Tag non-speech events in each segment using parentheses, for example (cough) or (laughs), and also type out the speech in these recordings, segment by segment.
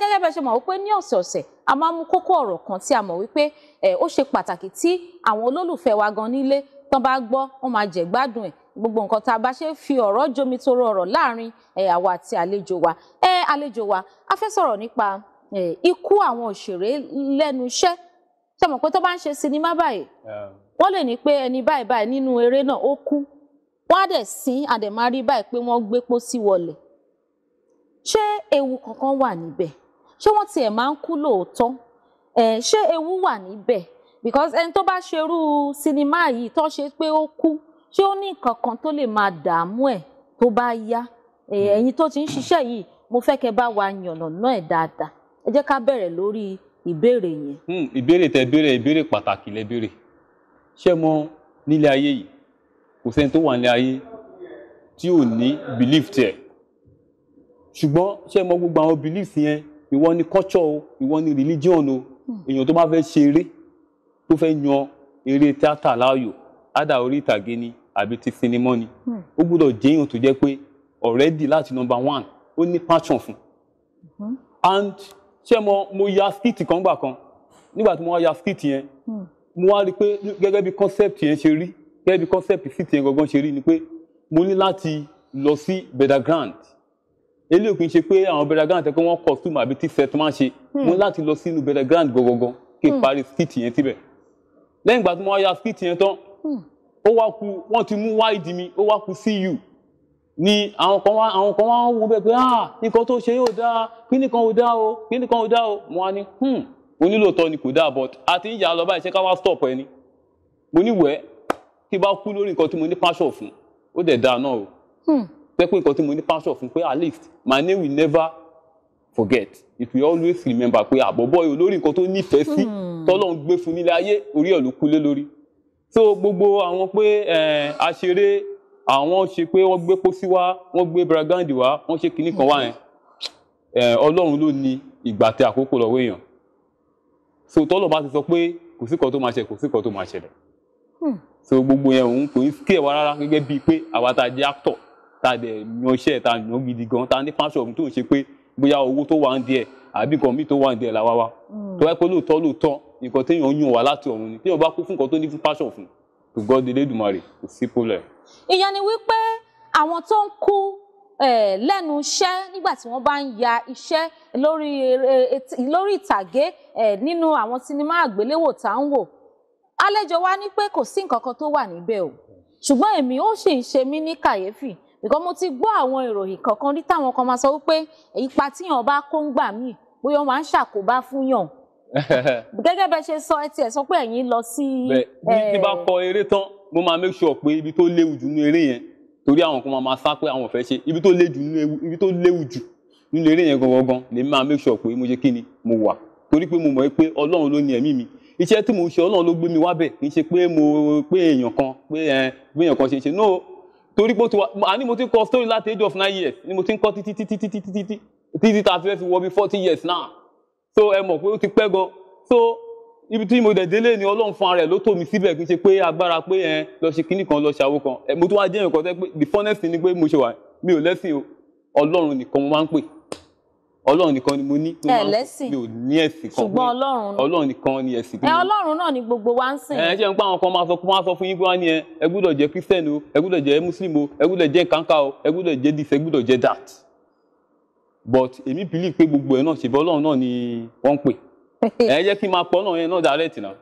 gẹ́gẹ́ bá ṣe mọ̀ wípé ní ọ̀sẹ̀ọ̀sẹ̀ a máa ń mú kókó ọ̀rọ̀ kan tí a mọ̀ wípé ó ṣe pàtàkì tí àwọn olólùfẹ́ wa gan nílé tán bá gbọ́ wọ́n máa jẹ̀ gbádùn ẹ̀ gbogbo nǹkan tá a bá ṣe fi ọ̀rọ̀ jomi toro ọ̀rọ̀ láàrin àwa àti àlejò wa ẹ àlejò wa a fẹ́ sọ̀rọ̀ nípa ikú àwọn òṣèré lẹ́nu iṣẹ́ ṣe mọ̀ pé tó bá ń ṣe sinimá báyìí wọ́n lè ní pé ẹni báyìí báyìí nínú eré náà ó kú wọ́n á dẹ̀ sin àdẹ̀márí báyìí pé wọ́n gbé pósí wọlé ṣé ewu kankan wà níbẹ̀? ṣé wọ́n tiẹ̀ máa ń kú lóòótọ́ ṣé ewu wà níbẹ̀ because ẹni tó bá ṣerú sinimá yìí tó ṣe pé ó kú ṣé ó ní nǹkan kan tó lè máa dààmú ẹ̀ tó bá yá hmm. ẹ̀yin tó ti ń ṣiṣẹ́ yìí mo fẹ́ kẹ́ bá wa yànnà náà ẹ̀ dáadáa ẹ jẹ́ ká bẹ̀rẹ̀ lórí ìbéèrè yẹn. Hmm, ìbéèrè tẹ béèrè ìbéèrè pàtàkì lẹ béèrè ṣé mo nílé ayé yìí kò sẹ́ni tó wà nílé ayé tí ò ní belief tiẹ̀ ṣùgbọ́n ṣé mo gbogbo àwọn beliefs yẹn ìwọ ni culture o ìwọ ni religion o hmm. èèyàn tó bá fẹ́ ṣe eré tó fẹ́ yan eré tíátà láàyò ádà orí ìtàgé ni àbí ti sinimọ́ ni hmm. ó gbúdọ̀ jẹ́ èèyàn tó jẹ́ pé already láti number one ó ní passion fún hmm. and ṣé mo mo ya skit kan gbà kan nígbà tí mo wá ya skit yẹn mo wá rí i pé gẹ́gẹ́ bí concept yẹn ṣe rí gẹ́gẹ́ bí concept skit yẹn gangan ṣe rí ni pé mo ní láti lọ sí better ground eléyìí kì í ṣe pé àwọn bẹ̀rẹ̀gán tẹ́ pé wọ́n kọ̀ túmọ̀ àbí tí sẹ́ẹ̀tì máa ń ṣe hmm. mo láti lọ sínú bẹ̀rẹ̀gán gọ̀gọ̀gọ̀ kí n hmm. parí skit yẹn síbẹ̀ lẹ́yìn ìgbà tí mo wá ya skit yẹn tán hmm. ó wá ku wọ́n ti mú wáìdì mi ó wá ku cu ni àwọn kan wá àwọn kan wá ń wo bẹ́ẹ̀ pé ah nǹkan tó ṣe yóò dáa kí nìkan ò dáa o kí nìkan ò dáa o mo wá ní onílòótọ́ ni kò dáa but àti ìyá lọ báyìí ká wá stop ẹni mo ní wẹ́ẹ́ tí bá kú lórí nǹkan tí mo ní passion fún ó dẹ̀ dáa náà o pẹ́pẹ́ nǹkan tí mo ní passion fún pé at least my name will never forget if we always remember pé àbọ̀bọ̀ ah, yìí olórí nǹkan tó nífẹ̀ẹ́ sí hmm. tọ́lọ́ ń gbé fún nílé ayé orí ẹ̀ ló kú lé lórí so gbogbo àwọn pé eh, aṣeré àwọn ṣe pé wọ́n gbé pósí wá wọ́n gbé bragandi wá wọ́n ṣe kinní kan wá yẹn eh, ọlọ́run ló ní ìgbà tẹ àkókò lọ́wọ́ èèyàn so tọ́lọ̀ bá ti sọ pé kò sí kan tó máa ṣẹlẹ̀ kò sí kan tó máa ṣẹlẹ̀ so gbogbo yẹn òun kò ní kí ẹ̀ wá rárá gẹ́gẹ́ bíi pé àwa tá jẹ́ actor tá a dẹ̀ yan iṣẹ́ tá a yan gidi gan tá a ní passion ọ̀hún tó ń ṣe pé bóyá owó tó wà ń díẹ̀ àbí nǹkan míì tó wà ń díẹ̀ làwa wa hmm. tó wáyé pé lóòótọ́ lóòótọ́ nǹkan téèyàn yàn wá láti ọ̀run ni téèyàn bá kú fún nǹkan tó ní fún passion fún to God Elédùmarè kò sí problem. ìyẹn ni wípé àwọn tó ń kú lẹ́nu iṣẹ́ nígbà tí wọ́n bá ń ya iṣẹ́ lórí ìtàgé nínú àwọn sinimá àgbéléwò tá ń wò àlejò wa ní pé kò sí nǹkan kan tó wà níbẹ̀ o ṣùgbọ́n èmi ó sì ń ṣe mí ní kàyéfì because mo ti gbọ́ àwọn ìròyìn kankan rí táwọn kan máa sọ wípé ipa tíyàn bá kó ń gbà míì bóyá wọ́n máa ń ṣàkóbá fún yàn (laughs) gẹ́gẹ́ bẹ́ẹ̀ ṣe sọ ẹ tiẹ̀ sọ pé ẹ̀yin lọ sí. bí eh, ti bá kọ eré tán mo máa make sure pé ibi tó léwu jù nínú eré yẹn torí àwọn kan máa sá pé àwọn ò fẹ́ ṣe ibi tó léwu jù nínú eré yẹn gangan gan lèmi máa make sure pé mo ṣe kí ni mo wà torí pé mo mọ̀ pé ọlọ́run ló ní ẹ̀mí mi iṣẹ́ tí mo ṣe ọlọ́run ló gbé mi wábẹ̀ kì í ṣe pé mo pé èèyàn kan pé eh, èèyàn kan ṣe ṣe no torí pé ó ti wà àní mo ti kọ story láti age of nine years ni mo ti ń kọ títí títí títí títí títí tá a fẹ́ fi wọ bí forty years now so ẹ mọ̀ pé ó ti pẹ́ gan so ibi tí mo dẹ̀dẹ̀ lé ni ọlọ́run fún ara ẹ̀ ló tò mí síbẹ̀ kí n ṣe pé agbára pé ẹ lọ ṣe kíní kan lọ ṣe àwo kan mo tún wá jẹ́ nǹkan tẹ́ pé the funnest ni pé mo ṣe wà mi ò lẹ́sìn ọlọ́run nìkan mo máa ń pè ọlọ́run nìkan ni mo ní tó máa ń mi ní ẹ̀sìn kan ṣùgbọ́n ọlọ́run ọlọ́run nìkan ni ẹ̀sìn kan. ẹ ọlọ́run náà ni gbogbo wa ń sìn. ẹ ṣe ń pa àwọn kan máa sọ fún sọ fún yín fún ẹ ẹ gbúdọ̀ jẹ́ o ẹ gbúdọ̀ jẹ́ o ẹ gbúdọ̀ jẹ́ o ẹ gbúdọ̀ jẹ́ ẹ gbúdọ̀ but èmi believe pé gbogbo náà ṣe bọ́ ọlọ́run ni wọ́n ń pè (laughs) ẹ jẹ́ kí n máa pọ̀ náà yẹn náà direct náà.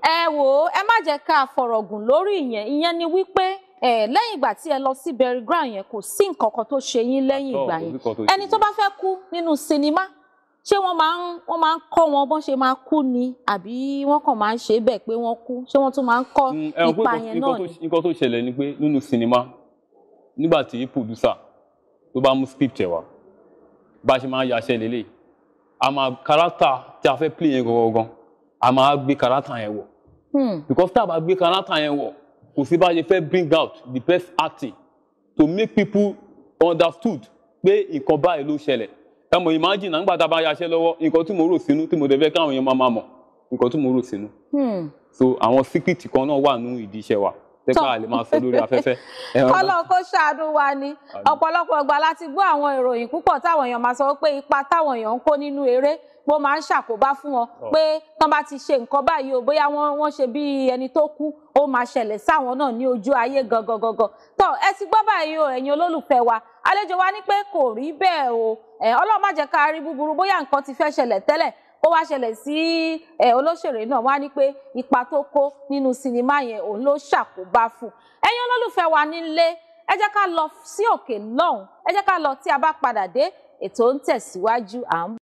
ẹ lẹ́yìn ìgbà tí ẹ lọ sí burial ground yẹn kò sí nǹkan kan tó ṣe yín lẹ́yìn ìgbà yẹn ẹni tó bá fẹ́ kú nínú sinimá ṣé wọ́n máa ń wọ́n máa ń kọ́ wọn bọ́n ṣe máa kú ni àbí wọ́n kàn máa ń ṣe bẹ́ẹ̀ pé wọ́n kú ṣé wọ́n tún máa ń kọ́ mm, ipa yẹn náà ni. nǹkan tó ṣẹlẹ̀ ni pé nínú sinimá nígbà tí producer tó bá mú script ẹ̀ wá bá ṣe máa yàṣẹ lélẹ̀ a máa kárátà tí a fẹ́ play yẹn gangan a máa gbé kárátà yẹn wọ̀ hmm. because tá a bá gbé kárátà yẹn wọ̀ kò sí bá ṣe fẹ́ bring out the best acting to make people understood pé nǹkan báyìí ló ṣẹlẹ̀ ẹ mọ̀ imagine nígbà tá a bá yaṣẹ́ lọ́wọ́ nǹkan tí mo rò sínú tí mo dẹ̀ fẹ́ káwọn èèyàn máa mọ̀ nǹkan tí mo rò sínú. Hmm. so àwọn secret kan náà wà nínú ìdí iṣẹ́ wa tẹ́gbà lè máa sọ lórí afẹ́fẹ́. kọ́lọ́ kó ṣàánú wa ni ọ̀pọ̀lọpọ̀ ìgbà láti gbọ́ àwọn ìròyìn púpọ̀ táwọn èèyàn máa sọ pé ipa táwọn èèyàn ń kó nínú eré bó máa ń ṣàkóbá fún wọn pé tán bá ti ṣe nǹkan báyìí o bóyá wọ́n ṣe bí ẹni tó kú ó máa ṣẹlẹ̀ sáwọn náà ní ojú ayé gangan gangan tó ẹ ti gbọ́ báyìí o ẹ̀yin olólùfẹ́ wa àlejò wa ní pé kò rí bẹ́ẹ̀ o ẹ Ọlọ́run má jẹ́ ká rí búburú bóyá nǹkan ti fẹ́ ṣẹlẹ̀ tẹ́lẹ̀ ó wá ṣẹlẹ̀ sí ẹ olóṣèré náà wá ní pé ipa tó kó nínú sinimá yẹn òun ló ṣàkóbá fún ẹ̀yin olólùfẹ́ wa nílé ẹ jẹ́ ká lọ sí òkè lọ́hùn ẹ jẹ́ ká lọ tí a bá padà dé ètò ń tẹ̀síwájú à